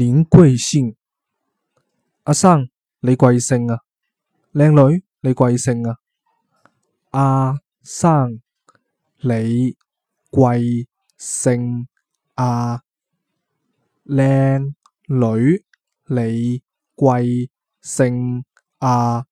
您貴姓？阿、啊、生，你貴姓啊？靚女，你貴姓啊？阿、啊、生，你貴姓啊？靚女，你貴姓啊？